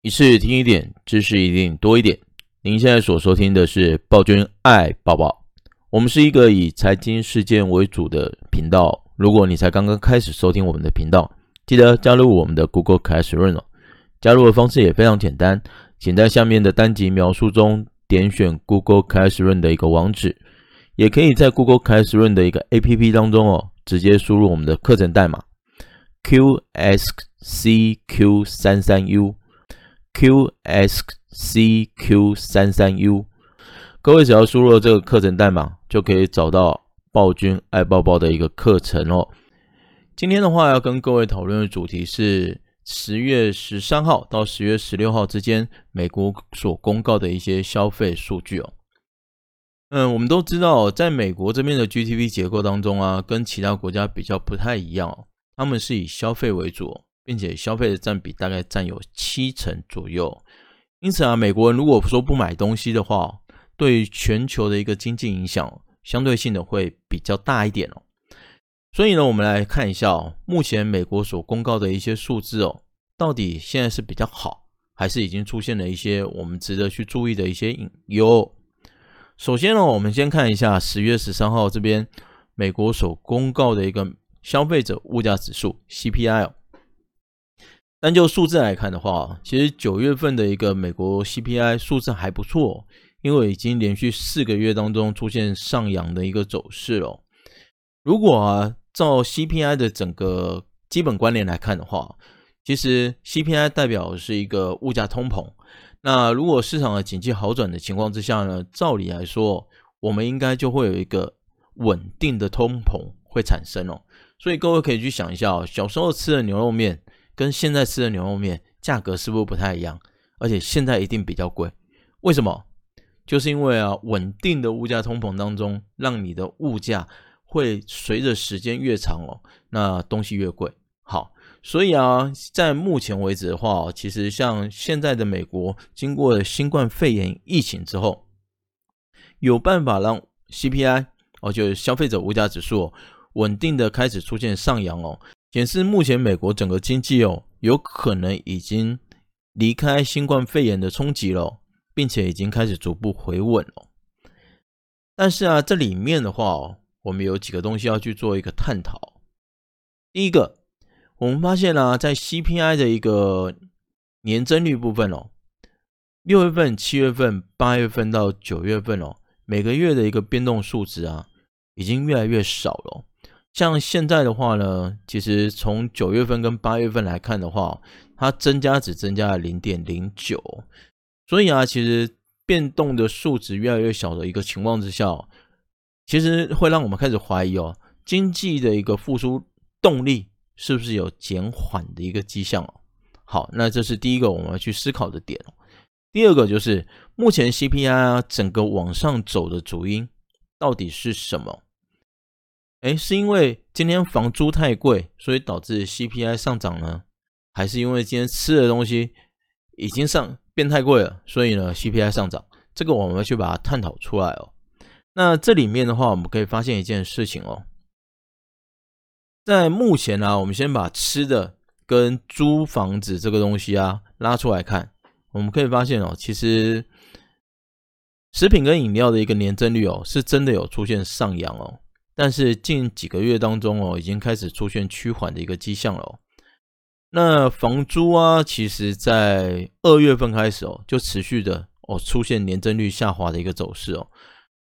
一次聽一點，知識一定多一點。您現在所收聽的是《暴君愛寶寶》。我們是一個以財經事件為主的頻道。如果你才剛剛開始收聽我們的頻道，記得加入我們的 Google Classroom 哦。加入的方式也非常簡單，請在下面的單集描述中點選 Google Classroom 的一個網址，也可以在 Google Classroom 的一個 APP 當中哦，直接輸入我們的課程代碼 QSCQ 三三 U。qscq 三三 u，各位只要輸入了這個課程代碼，就可以找到暴君愛抱抱的一個課程哦。今天的話，要跟各位討論的主題是十月十三號到十月十六號之間美國所公告的一些消費數據哦。嗯，我們都知道，在美國這邊的 GDP 結構當中啊，跟其他國家比較不太一樣，他們是以消費為主。並且消費的占比大概占有七成左右，因此啊，美國人如果說不買東西的話，對於全球的一個經濟影響相對性的會比較大一點哦。所以呢，我們來看一下，目前美國所公告的一些數字哦，到底現在是比較好，還是已經出現了一些我們值得去注意的一些隱憂？首先呢，我們先看一下十月十三號這邊，美國所公告的一個消費者物價指數 CPI 哦。但就數字來看的話，其實九月份的一個美國 CPI 數字還不錯，因為已經連續四個月當中出現上揚的一個走勢了。如果啊照 CPI 的整個基本觀念來看的話，其實 CPI 代表的是一個物價通膨。那如果市場的景氣好轉的情況之下呢，照理來說，我們應該就會有一個穩定的通膨會產生哦。所以各位可以去想一下哦，小時候吃的牛肉麵。跟現在吃的牛肉麵價格是不是不太一樣？而且現在一定比較貴，為什麼？就是因為啊，穩定的物價通膨當中，讓你的物價會隨着時間越長哦，那東西越貴。好，所以啊，在目前為止的話哦，其實像現在的美國，經過了新冠肺炎疫情之後，有辦法讓 CPI 哦，就是消費者物價指數穩定的開始出現上揚哦。顯示目前美國整個經濟哦，有可能已經離開新冠肺炎的衝擊了，並且已經開始逐步回穩了。但是啊，這裡面的話哦，我們有幾個東西要去做一個探討。第一個，我們發現啊，在 CPI 的一個年增率部分哦，六月份、七月份、八月份到九月份哦，每個月的一個變動數值啊，已經越來越少了。像現在的話呢，其實從九月份跟八月份來看的話，它增加只增加了零點零九，所以啊，其實變動的數值越來越小的一個情況之下，其實會讓我們開始懷疑哦，經濟的一個復甦動力是不是有減緩的一個跡象哦？好，那這是第一個我們要去思考的點。第二個就是目前 CPI 啊整個往上走的主因到底是什麼？哎，是因為今天房租太貴，所以導致 CPI 上漲呢，還是因為今天吃的東西已經上，變太貴了，所以呢 CPI 上漲？這個我們要去把它探討出來哦。那這裡面的話，我們可以發現一件事情哦。在目前呢啊，我們先把吃的跟租房子這個東西啊拉出來看，我們可以發現哦，其實食品跟飲料的一個年增率哦，是真的有出現上揚哦。但是近幾個月當中哦，已經開始出現趨緩的一個跡象了哦。那房租啊，其實在二月份開始哦，就持續的哦，出現年增率下滑的一個走勢哦。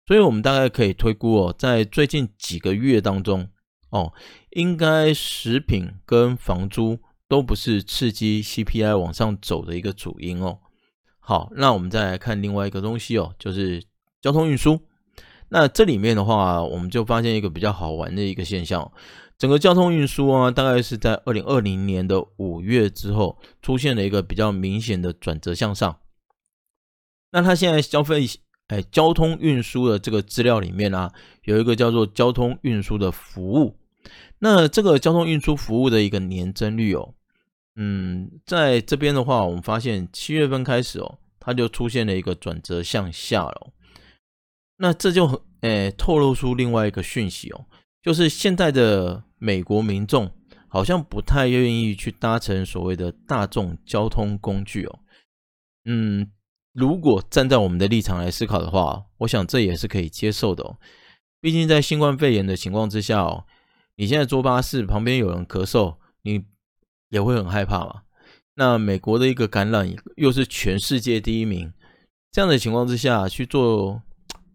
所以，我們大概可以推估哦，在最近幾個月當中哦，應該食品跟房租都不是刺激 CPI 往上走的一個主因哦。好，那我們再來看另外一個東西哦，就是交通運輸。那這裡面的話、啊，我們就發現一個比較好玩的一個現象，整個交通運輸啊，大概是在二零二零年的五月之後，出現了一個比較明顯的轉折向上。那它現在消費，哎，交通運輸的這個資料裡面呢、啊，有一個叫做交通運輸的服務，那這個交通運輸服務的一個年增率哦，嗯，在這邊的話，我們發現七月份開始哦，它就出現了一個轉折向下哦。那這就很誒、欸，透露出另外一個訊息哦，就是現在的美國民眾好像不太願意去搭乘所謂的大眾交通工具哦。嗯，如果站在我們的立場來思考的話，我想這也是可以接受的哦。畢竟在新冠肺炎的情況之下哦，你現在坐巴士，旁邊有人咳嗽，你也會很害怕嘛。那美國的一個感染又是全世界第一名，這樣的情況之下去做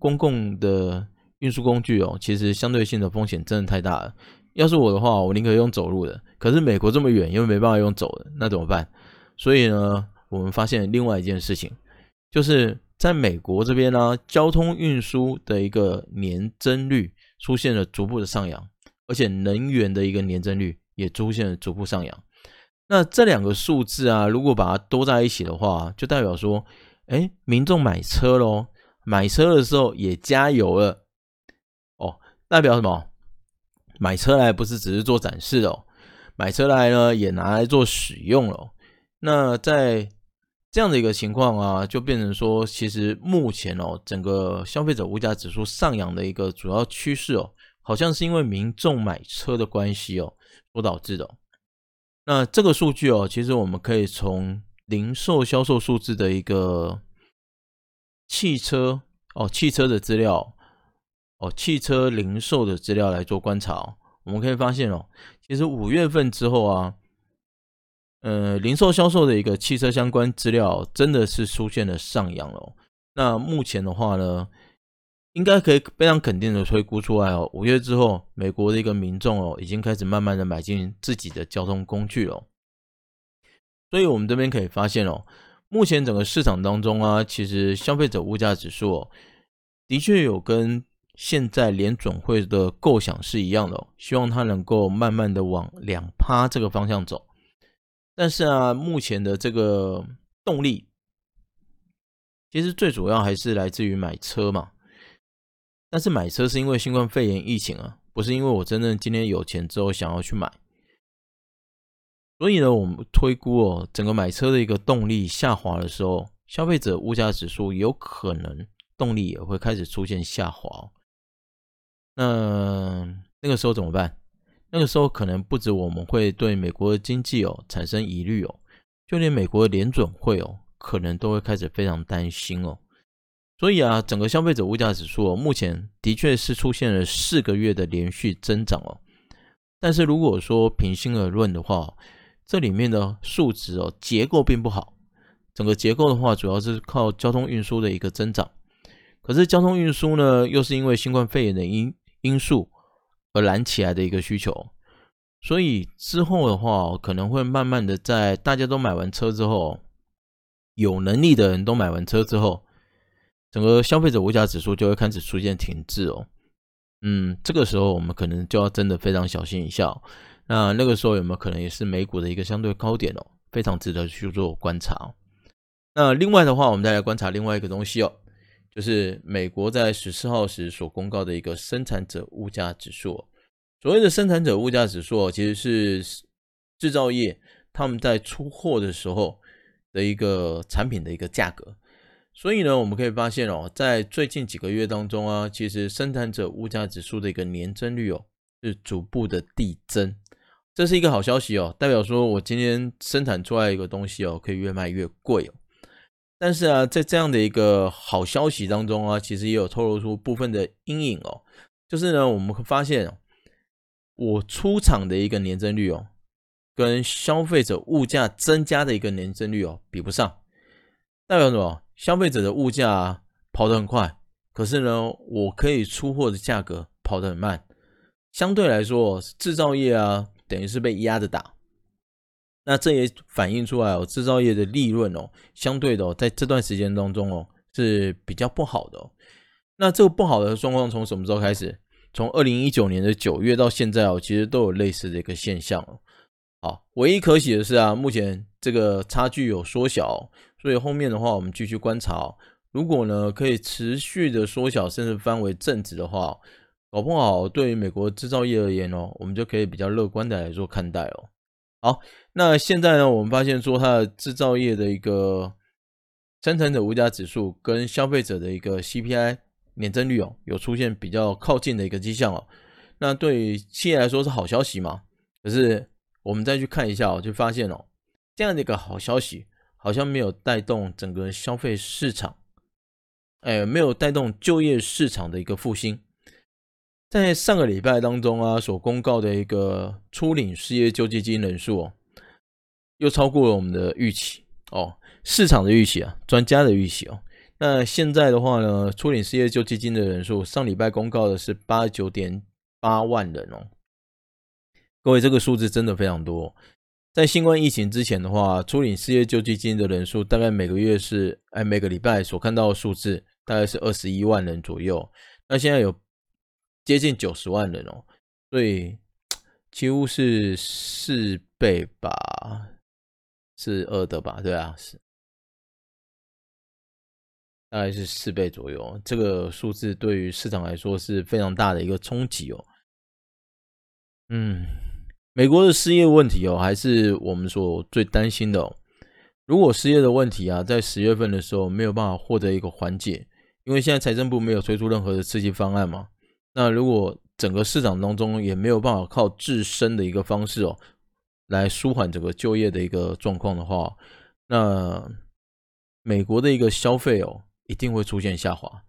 公共的運輸工具哦，其實相對性的風險真的太大了。要是我的話，我寧可用走路的。可是美國這麼遠，又沒辦法用走的，那怎麼辦？所以呢，我們發現另外一件事情，就是在美國這邊呢、啊，交通運輸的一個年增率出現了逐步的上揚，而且能源的一個年增率也出現了逐步上揚。那這兩個數字啊，如果把它都在一起的話，就代表說，哎，民眾買車嘍。買車的時候也加油了，哦，代表什麼？買車來不是只是做展示的哦，買車來呢也拿來做使用了。那在這樣的一個情況啊，就變成說，其實目前哦，整個消費者物價指數上揚的一個主要趨勢哦，好像是因為民眾買車的關係哦，所導致的。那這個數據哦，其實我們可以從零售銷售數字的一個。汽車哦，汽車的資料哦，汽車零售的資料來做觀察哦，我們可以發現哦，其實五月份之後啊，呃，零售銷售的一個汽車相關資料真的是出現了上揚了哦。那目前的話呢，應該可以非常肯定的推估出來哦，五月之後，美國的一個民眾哦，已經開始慢慢的買進自己的交通工具了。所以我們這邊可以發現哦。目前整個市場當中啊，其實消費者物價指數哦，的確有跟現在聯準會的構想是一樣的哦，希望它能夠慢慢的往兩趴這個方向走。但是啊，目前的這個動力其實最主要還是來自於買車嘛。但是買車是因為新冠肺炎疫情啊，不是因為我真正今天有錢之後想要去買。所以呢，我們推估哦，整個買車的一個動力下滑的時候，消費者物價指數有可能動力也會開始出現下滑。那那個時候怎麼辦？那個時候可能不止我們會對美國的經濟哦產生疑慮哦，就連美國的聯準會哦可能都會開始非常擔心哦。所以啊，整個消費者物價指數哦，目前的確是出現了四個月的連續增長哦，但是如果說平心而論的話。這裡面的數值哦，結構並不好。整個結構的話，主要是靠交通運輸的一個增長。可是交通運輸呢，又是因為新冠肺炎的因因素而燃起來的一個需求。所以之後的話，可能會慢慢的在大家都買完車之後，有能力的人都買完車之後，整個消費者物價指數就會開始出現停滯哦。嗯，這個時候我們可能就要真的非常小心一下哦。那那個時候有沒有可能也是美股的一個相對高點哦，非常值得去做觀察哦。那另外的話，我們再來觀察另外一個東西哦，就是美國在十四號時所公告的一個生產者物價指數哦。所謂的生產者物價指數哦，其實是製造業他們在出貨的時候的一個產品的一個價格。所以呢，我們可以發現哦，在最近幾個月當中啊，其實生產者物價指數的一個年增率哦，是逐步的遞增。這是一個好消息哦，代表說我今天生產出來一個東西哦，可以越賣越貴哦。但是啊，在這樣的一個好消息當中啊，其實也有透露出部分的陰影哦。就是呢，我們會發現哦，我出廠的一個年增率哦，跟消費者物價增加的一個年增率哦，比不上。代表什麼？消費者的物價啊，跑得很快，可是呢，我可以出貨的價格跑得很慢。相對來說，制造業啊。等於是被壓着打，那這也反映出來哦，製造業的利潤哦，相對的哦，在這段時間當中哦，是比較不好的哦。那這個不好的狀況從什麼時候開始？從二零一九年的九月到現在哦，其實都有類似的一個現象哦。好，唯一可喜的是啊，目前這個差距有縮小哦，所以後面的話我們繼續觀察哦。如果呢，可以持續的縮小，甚至翻為正值的話哦。搞不好，對於美國製造業而言哦，我們就可以比較樂觀的來做看待哦。好，那現在呢，我們發現說它的製造業的一個生產者物價指數跟消費者的一個 CPI 年增率哦，有出現比較靠近的一個跡象哦。那對於企業來說是好消息嘛？可是我們再去看一下哦，就發現哦，這樣的一個好消息好像沒有帶動整個消費市場，哎，沒有帶動就業市場的一個復興。在上個禮拜當中啊，所公告的一個初領失業救濟金人數哦，又超過了我們的預期哦，市場的預期啊，專家的預期哦。那現在的話呢，初領失業救濟金的人數，上禮拜公告的是八九點八萬人哦。各位，這個數字真的非常多。在新冠疫情之前的話，初領失業救濟金的人數大概每個月是哎，每個禮拜所看到的數字大概是二十一萬人左右。那現在有接近九十萬人哦，所以幾乎是四倍吧，是二的吧，對啊，是，大概是四倍左右。這個數字對於市場來說是非常大的一個衝擊哦。嗯，美國的失業問題哦，還是我們所最擔心的哦。如果失業的問題啊，在十月份的時候沒有辦法獲得一個緩解，因為現在財政部沒有推出任何的刺激方案嘛。那如果整個市場當中也沒有辦法靠自身的一個方式哦，來舒緩整個就業的一個狀況的話，那美國的一個消費哦，一定會出現下滑。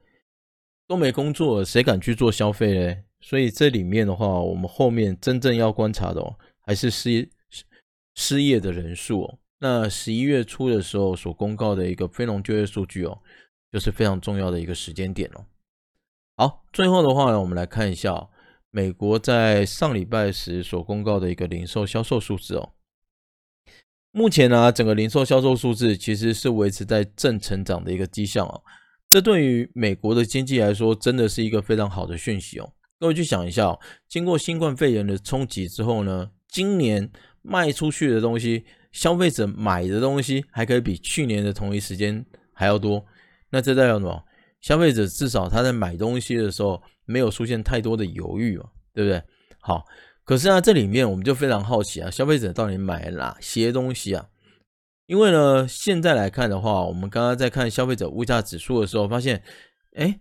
都沒工作，誰敢去做消費呢？所以這裡面的話，我們後面真正要觀察的哦，還是失失失業的人數哦，那十一月初的時候所公告的一個非農就業數據哦，就是非常重要的一個時間點哦。好，最後的話呢，我們來看一下、喔、美國在上禮拜時所公告的一個零售銷售數字哦、喔。目前呢、啊，整個零售銷售數字其實是維持在正成長的一個跡象哦、喔。這對於美國的經濟來說，真的是一個非常好的訊息哦、喔。各位去想一下哦、喔，經過新冠肺炎的衝擊之後呢，今年賣出去的東西，消費者買的東西還可以比去年的同一時間還要多，那這代表什麼？消費者至少他在買東西的時候沒有出現太多的猶豫嘛，對不對？好，可是啊，這裡面我們就非常好奇啊，消費者到底買了哪些東西啊？因為呢，現在來看的話，我們剛剛在看消費者物價指數的時候，發現，欸，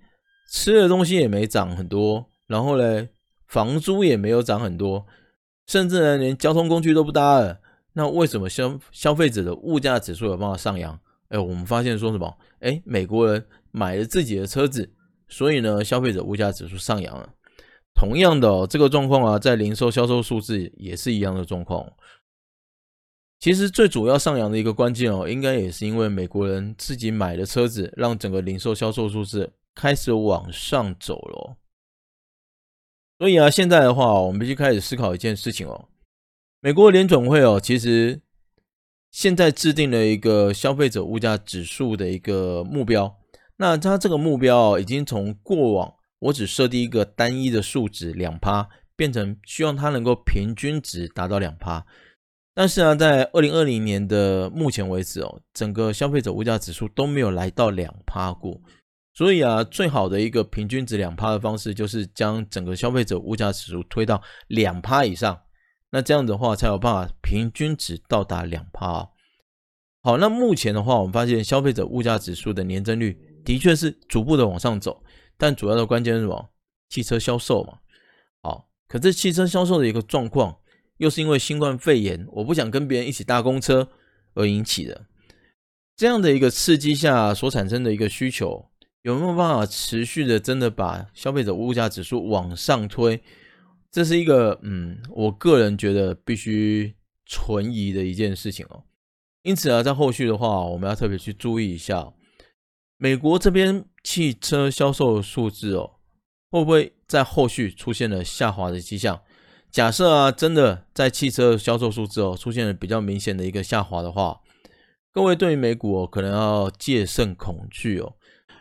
吃的東西也沒漲很多，然後呢，房租也沒有漲很多，甚至呢，連交通工具都不搭了。那為什麼消消費者的物價指數有辦法上揚？欸，我們發現說什麼？欸，美國人。買了自己的車子，所以呢，消費者物價指數上揚了。同樣的、哦，這個狀況啊，在零售銷售數字也是一樣的狀況。其實最主要上揚的一個關鍵哦，應該也是因為美國人自己買的車子，讓整個零售銷售數字開始往上走了、哦。所以啊，現在的話，我們必須開始思考一件事情哦。美國聯準會哦，其實現在制定了一個消費者物價指數的一個目標。那他這個目標哦，已經從過往我只設定一個單一的數值兩趴，變成希望它能夠平均值達到兩趴。但是呢，在二零二零年的目前為止哦，整個消費者物價指數都沒有來到兩趴過。所以啊，最好的一個平均值兩趴的方式，就是將整個消費者物價指數推到兩趴以上。那這樣的話，才有辦法平均值到達兩趴。好，那目前的話，我們發現消費者物價指數的年增率。的確是逐步的往上走，但主要的關鍵是什麼？汽車銷售嘛，好，可是汽車銷售的一個狀況，又是因為新冠肺炎，我不想跟別人一起搭公車而引起的，這樣的一個刺激下所產生的一個需求，有沒有辦法持續的真的把消費者物價指數往上推？這是一個嗯，我個人覺得必須存疑的一件事情哦。因此啊，在後續的話，我們要特別去注意一下。美國這邊汽車銷售數字哦，會不會在後續出現了下滑的跡象？假設啊，真的在汽車銷售數字哦出現了比較明顯的一個下滑的話，各位對於美股哦可能要戒慎恐懼哦。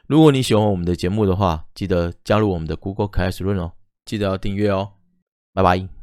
如果你喜歡我們的節目的話，記得加入我們的 Google Classroom 哦，記得要訂閱哦。拜拜。